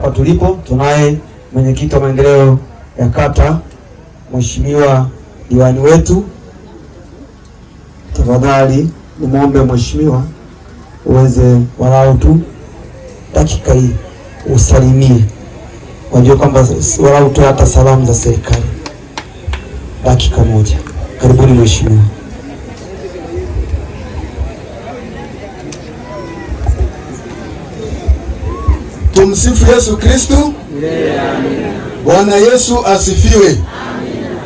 Hapa tulipo tunaye mwenyekiti wa maendeleo ya kata, mheshimiwa diwani wetu. Tafadhali nimwombe mheshimiwa uweze walau tu dakika hii usalimie, wajue kwamba walau tu hata salamu za serikali. Dakika moja, karibuni mheshimiwa. Tumsifu Yesu Kristu. Bwana Yesu asifiwe. Amina.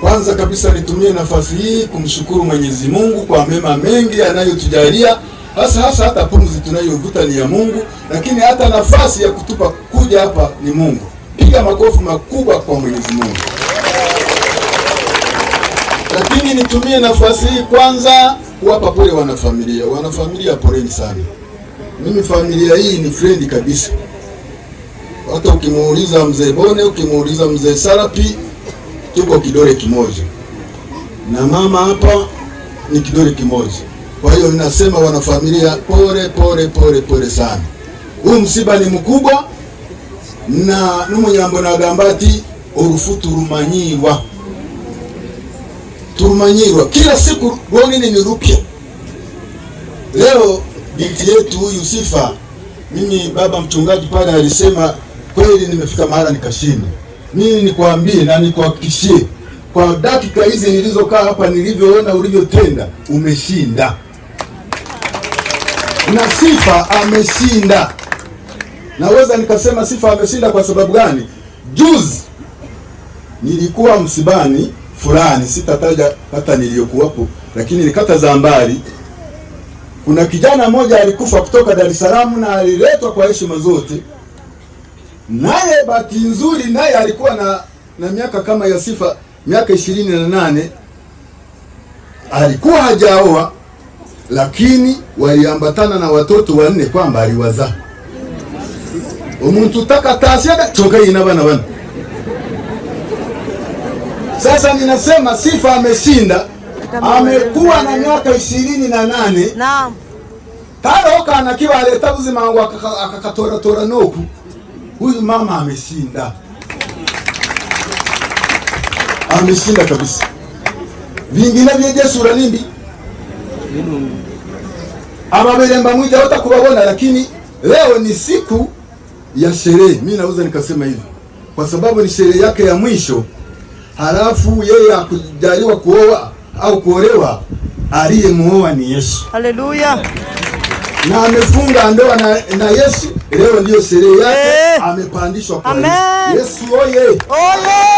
Kwanza kabisa nitumie nafasi hii kumshukuru Mwenyezi Mungu kwa mema mengi anayotujalia hasa hasa, hata pumzi tunayovuta ni ya Mungu, lakini hata nafasi ya kutupa kuja hapa ni Mungu. Piga makofi makubwa kwa Mwenyezi Mungu. Lakini nitumie nafasi hii kwanza kuwapa pole wanafamilia. Wanafamilia, poleni sana. Mimi familia hii ni friend kabisa. Hata ukimuuliza mzee Bone, ukimuuliza mzee Sarapi, tuko kidole kimoja, na mama hapa ni kidole kimoja. Kwa hiyo ninasema wanafamilia, pole pole pole pole sana. Huu msiba ni mkubwa, na numunyambo na ati urufu turumanyiwa turumanyirwa kila siku rwonini ni rupya leo binti yetu huyu Sifa. Mimi baba mchungaji pale alisema kweli, nimefika mahala nikashinda Mimi nikwambie na nikuhakikishie kwa dakika hizi nilizokaa hapa, nilivyoona ulivyotenda, umeshinda na Sifa ameshinda. Naweza nikasema Sifa ameshinda kwa sababu gani? Juzi nilikuwa msibani fulani, sitataja kata niliyokuwapo, lakini ni kata za mbali kuna kijana mmoja alikufa kutoka Dar es Salaam na aliletwa kwa heshima zote, naye bahati nzuri, naye alikuwa na na miaka kama ya sifa miaka ishirini na nane. Alikuwa hajaoa lakini waliambatana na watoto wanne kwamba aliwazaa omuntu takatasiaga choka ina bana bana. Sasa ninasema sifa ameshinda amekuwa na miaka ishirini na nane naam kale okana kibaleta buzima wangu akakatoratora noku huyu mama ameshinda ameshinda kabisa vingine vyejesura nimbi ababeremba mwija hata lakini leo ni siku ya sherehe mi naweza nikasema hivi kwa sababu ni sherehe yake ya mwisho halafu yeye akujaliwa kuoa au kuolewa, aliyemuoa ni Yesu. Haleluya! na amefunga ndoa na, na Yesu. Leo ndiyo sherehe yake, eh. amepandishwa kwa Yesu. Yesu oye, oye!